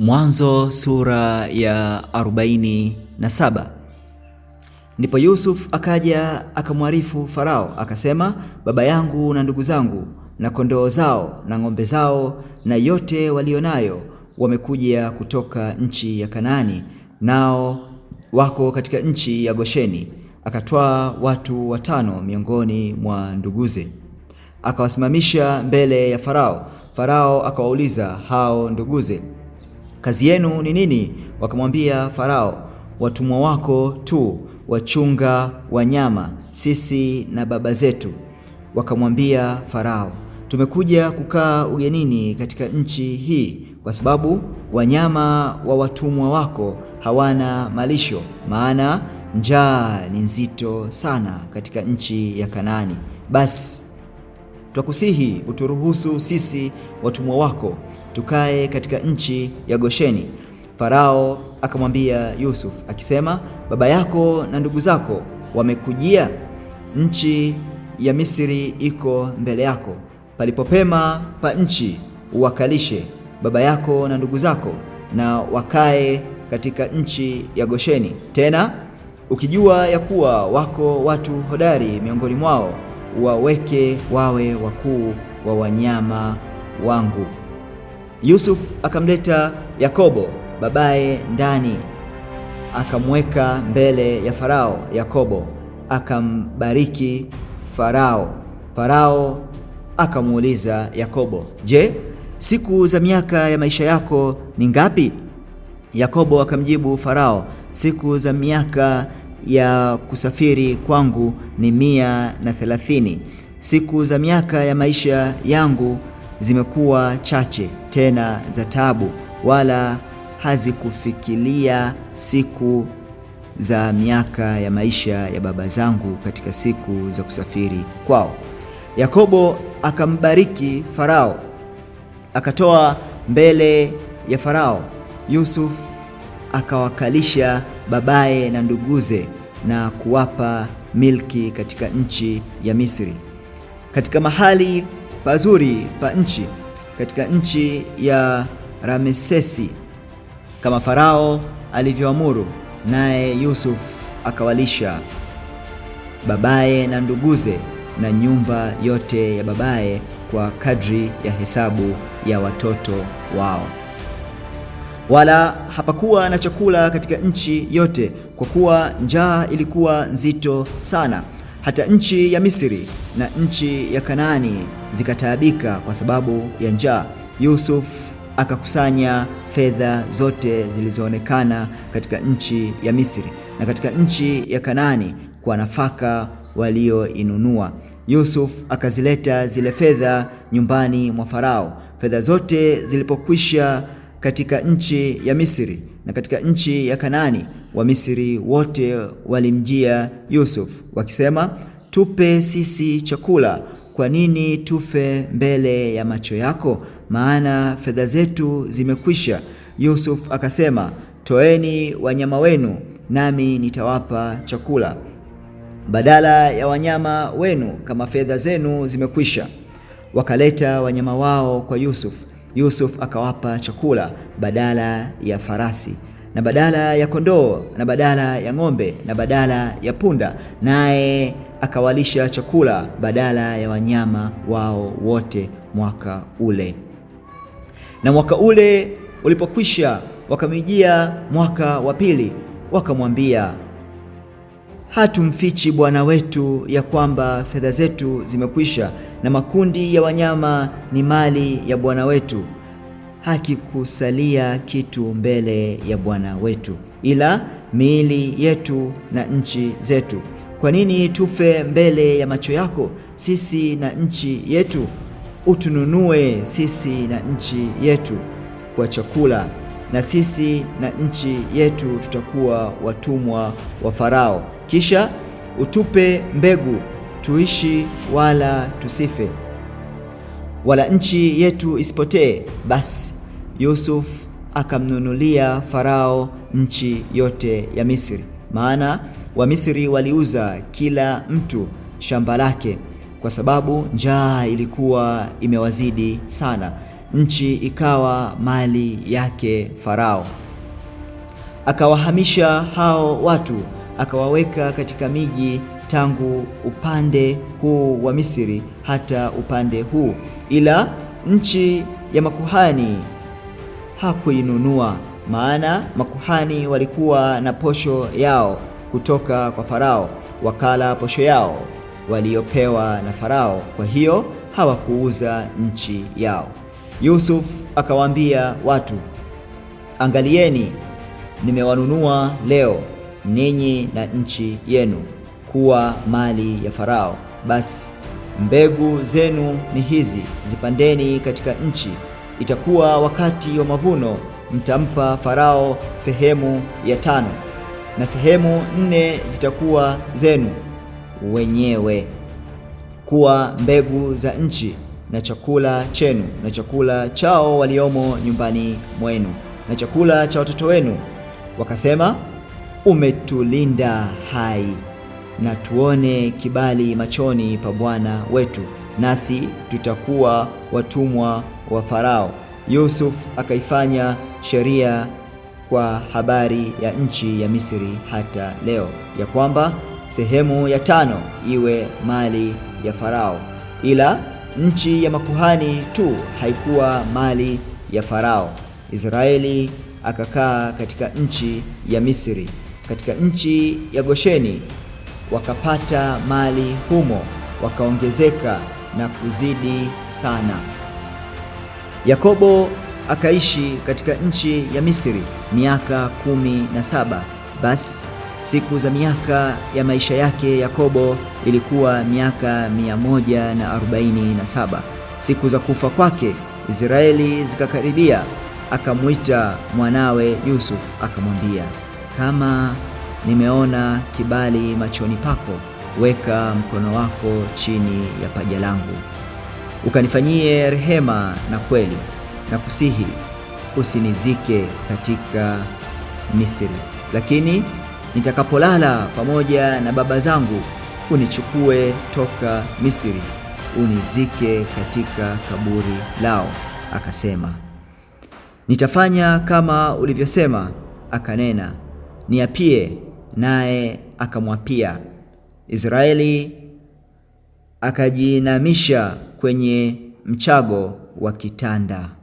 Mwanzo sura ya 47 na saba. Ndipo Yusuf akaja akamwarifu Farao akasema, baba yangu na ndugu zangu na kondoo zao na ng'ombe zao na yote walio nayo wamekuja kutoka nchi ya Kanaani, nao wako katika nchi ya Gosheni. Akatwaa watu watano miongoni mwa nduguze, akawasimamisha mbele ya Farao. Farao akawauliza hao nduguze kazi yenu ni nini? Wakamwambia Farao, watumwa wako tu wachunga wanyama sisi na baba zetu. Wakamwambia Farao, tumekuja kukaa ugenini katika nchi hii kwa sababu wanyama wa watumwa wako hawana malisho, maana njaa ni nzito sana katika nchi ya Kanaani. Basi twakusihi uturuhusu sisi watumwa wako tukae katika nchi ya Gosheni. Farao akamwambia Yusuf akisema, baba yako na ndugu zako wamekujia, nchi ya Misri iko mbele yako, palipopema pa nchi uwakalishe baba yako na ndugu zako, na wakae katika nchi ya Gosheni. Tena ukijua ya kuwa wako watu hodari miongoni mwao, waweke wawe wakuu wa wanyama wangu. Yusuf akamleta Yakobo babaye ndani, akamweka mbele ya Farao. Yakobo akambariki Farao. Farao akamuuliza Yakobo, "Je, siku za miaka ya maisha yako ni ngapi?" Yakobo akamjibu Farao, "Siku za miaka ya kusafiri kwangu ni mia na thelathini. Siku za miaka ya maisha yangu zimekuwa chache tena za tabu wala hazikufikilia siku za miaka ya maisha ya baba zangu katika siku za kusafiri kwao. Yakobo akambariki Farao, akatoa mbele ya Farao. Yusuf akawakalisha babaye na nduguze na kuwapa milki katika nchi ya Misri katika mahali pazuri pa nchi katika nchi ya Ramesesi kama Farao alivyoamuru, naye Yusuf akawalisha babaye na nduguze na nyumba yote ya babaye kwa kadri ya hesabu ya watoto wao. Wala hapakuwa na chakula katika nchi yote, kwa kuwa njaa ilikuwa nzito sana. Hata nchi ya Misri na nchi ya Kanaani zikataabika kwa sababu ya njaa. Yusuf akakusanya fedha zote zilizoonekana katika nchi ya Misri na katika nchi ya Kanaani kwa nafaka walioinunua. Yusuf akazileta zile fedha nyumbani mwa Farao. Fedha zote zilipokwisha katika nchi ya Misri na katika nchi ya Kanaani, wa Misri wote walimjia Yusuf wakisema, tupe sisi chakula, kwa nini tufe mbele ya macho yako? Maana fedha zetu zimekwisha. Yusuf akasema, toeni wanyama wenu, nami nitawapa chakula badala ya wanyama wenu, kama fedha zenu zimekwisha. Wakaleta wanyama wao kwa Yusuf. Yusuf akawapa chakula badala ya farasi na badala ya kondoo na badala ya ng'ombe na badala ya punda, naye akawalisha chakula badala ya wanyama wao wote mwaka ule. Na mwaka ule ulipokwisha, wakamjia mwaka wa pili, wakamwambia hatumfichi bwana wetu ya kwamba fedha zetu zimekwisha, na makundi ya wanyama ni mali ya bwana wetu hakikusalia kitu mbele ya Bwana wetu ila miili yetu na nchi zetu. Kwa nini tufe mbele ya macho yako, sisi na nchi yetu? Utununue sisi na nchi yetu kwa chakula, na sisi na nchi yetu tutakuwa watumwa wa Farao. Kisha utupe mbegu tuishi, wala tusife, wala nchi yetu isipotee. Basi Yusuf akamnunulia Farao nchi yote ya Misri, maana Wamisri waliuza kila mtu shamba lake, kwa sababu njaa ilikuwa imewazidi sana. Nchi ikawa mali yake Farao. Akawahamisha hao watu akawaweka katika miji tangu upande huu wa Misri hata upande huu, ila nchi ya makuhani hakuinunua, maana makuhani walikuwa na posho yao kutoka kwa Farao, wakala posho yao waliopewa na Farao, kwa hiyo hawakuuza nchi yao. Yusuf akawaambia watu, angalieni, nimewanunua leo ninyi na nchi yenu kuwa mali ya Farao. Basi mbegu zenu ni hizi, zipandeni katika nchi itakuwa wakati wa mavuno, mtampa Farao sehemu ya tano, na sehemu nne zitakuwa zenu wenyewe kuwa mbegu za nchi na chakula chenu na chakula chao waliomo nyumbani mwenu na chakula cha watoto wenu. Wakasema, umetulinda hai, na tuone kibali machoni pa Bwana wetu, nasi tutakuwa watumwa wa Farao. Yusuf akaifanya sheria kwa habari ya nchi ya Misri hata leo, ya kwamba sehemu ya tano iwe mali ya Farao, ila nchi ya makuhani tu haikuwa mali ya Farao. Israeli akakaa katika nchi ya Misri, katika nchi ya Gosheni wakapata mali humo, wakaongezeka na kuzidi sana. Yakobo akaishi katika nchi ya Misri miaka kumi na saba. Basi siku za miaka ya maisha yake Yakobo ilikuwa miaka mia moja na arobaini na saba. Siku za kufa kwake Israeli zikakaribia, akamwita mwanawe Yusuf akamwambia, kama nimeona kibali machoni pako, weka mkono wako chini ya paja langu ukanifanyie rehema na kweli, na kusihi usinizike katika Misri, lakini nitakapolala pamoja na baba zangu unichukue toka Misri, unizike katika kaburi lao. Akasema, nitafanya kama ulivyosema. Akanena, niapie, naye akamwapia. Israeli akajinamisha kwenye mchago wa kitanda.